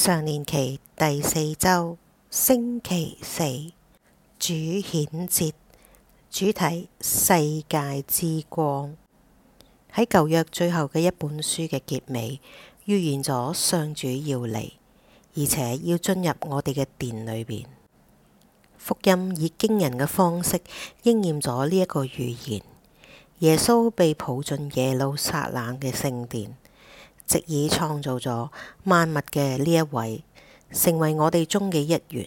上年期第四週，星期四主顯節，主題世界之光。喺舊約最後嘅一本書嘅結尾，預言咗上主要嚟，而且要進入我哋嘅殿裏邊。福音以驚人嘅方式應驗咗呢一個預言。耶穌被抱進耶路撒冷嘅聖殿。藉以創造咗萬物嘅呢一位，成為我哋中嘅一員。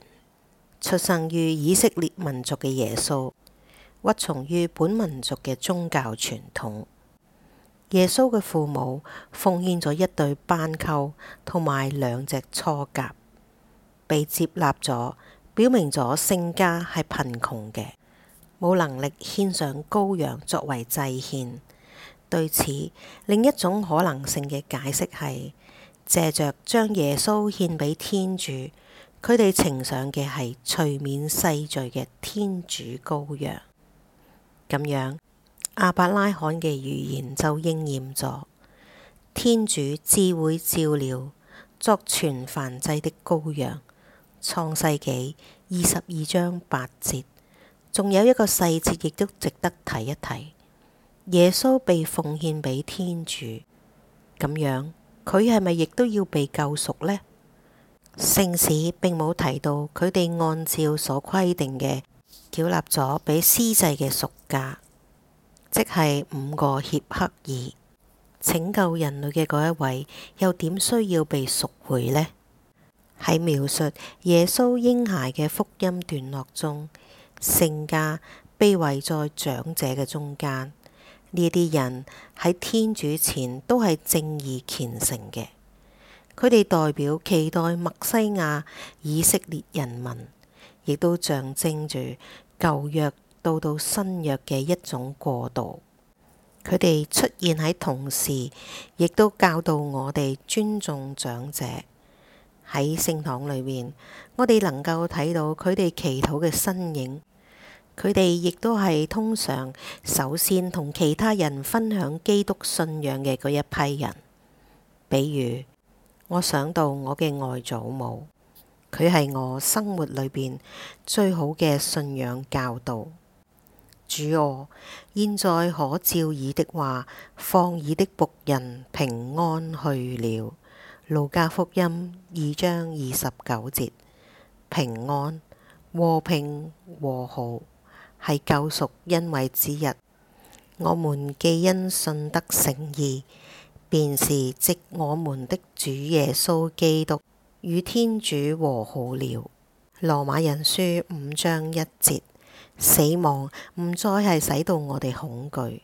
出生於以色列民族嘅耶穌，屈從於本民族嘅宗教傳統。耶穌嘅父母奉獻咗一對斑鳩同埋兩隻雛鴿，被接納咗，表明咗聖家係貧窮嘅，冇能力獻上羔羊作為祭獻。對此另一種可能性嘅解釋係，借着將耶穌獻俾天主，佢哋呈上嘅係除免世罪嘅天主羔羊。咁樣，亞伯辣罕嘅預言就應驗咗。天主自會照料作全燔祭的羔羊。創世紀二十二章八節，仲有一個細節亦都值得睇一睇。耶穌被奉獻俾天主，咁樣，佢係咪亦都要被救贖呢？聖史並冇提到佢哋按照所規定嘅繳納咗俾司祭嘅贖價，即係五個協刻耳。拯救人類嘅嗰一位又點需要被贖回呢？喺描述耶穌嬰孩嘅福音段落中，聖家被圍在長者嘅中間。呢啲人喺天主前都係正義虔誠嘅，佢哋代表期待默西亞以色列人民，亦都象徵住舊約到到新約嘅一種過渡。佢哋出現喺同時，亦都教導我哋尊重長者。喺聖堂裏面，我哋能夠睇到佢哋祈禱嘅身影。佢哋亦都係通常首先同其他人分享基督信仰嘅嗰一批人。比如，我想到我嘅外祖母，佢係我生活裏邊最好嘅信仰教導。主啊，現在可照禰的話，放禰的僕人平安去了。路加福音二章二十九節：平安、和平、和好，係救贖恩惠之一，我們既因信德成義，便是藉我們的主耶穌基督與天主和好了。羅馬人書五章一節，死亡唔再係使到我哋恐懼。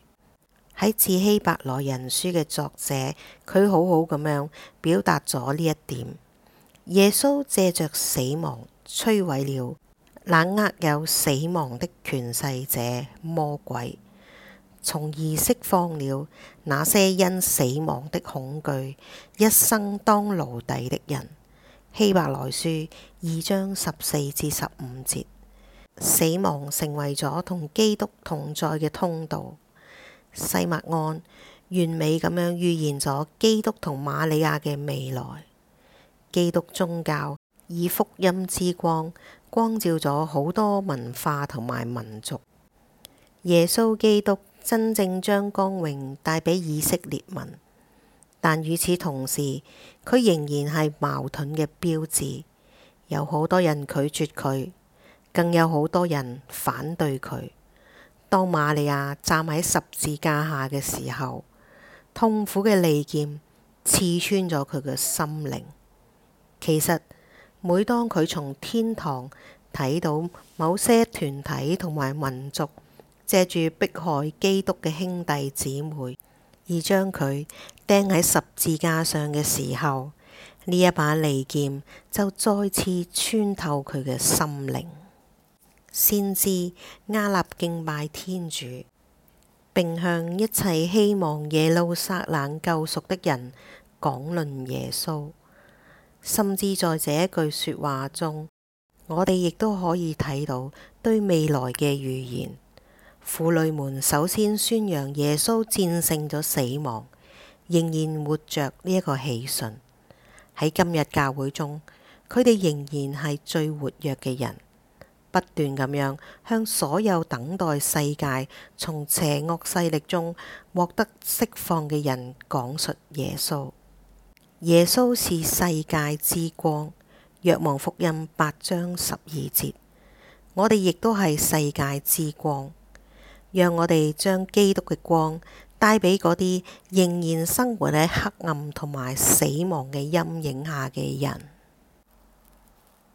喺致希伯來人書嘅作者，佢好好咁樣表達咗呢一點。耶穌借着死亡摧毀了。冷那握有死亡的權勢者魔鬼，從而釋放了那些因死亡的恐懼一生當奴隸的人。希伯來書二章十四至十五節，死亡成為咗同基督同在嘅通道。西默盎完美咁樣預言咗基督同瑪利亞嘅未來。基督宗教以福音之光，光照咗好多文化同埋民族。耶穌基督真正將光榮帶俾以色列民，但與此同時，佢仍然係矛盾嘅標誌。有好多人拒絕佢，更有好多人反對佢。當瑪利亞站喺十字架下嘅時候，痛苦嘅利劍刺穿咗佢嘅心靈。其實。每當佢從天堂睇到某些團體同埋民族借住迫害基督嘅兄弟姊妹，而將佢釘喺十字架上嘅時候，呢一把利劍就再次穿透佢嘅心靈。先知亞納敬拜天主，並向一切希望耶路撒冷救贖的人講論耶穌。甚至在這一句說話中，我哋亦都可以睇到對未來嘅預言。婦女們首先宣揚耶穌戰勝咗死亡，仍然活着呢一個喜訊。喺今日教會中，佢哋仍然係最活躍嘅人，不斷咁樣向所有等待世界從邪惡勢力中獲得釋放嘅人講述耶穌。耶穌是世界之光，若望福音八章十二節。我哋亦都係世界之光，讓我哋將基督嘅光帶畀嗰啲仍然生活喺黑暗同埋死亡嘅陰影下嘅人。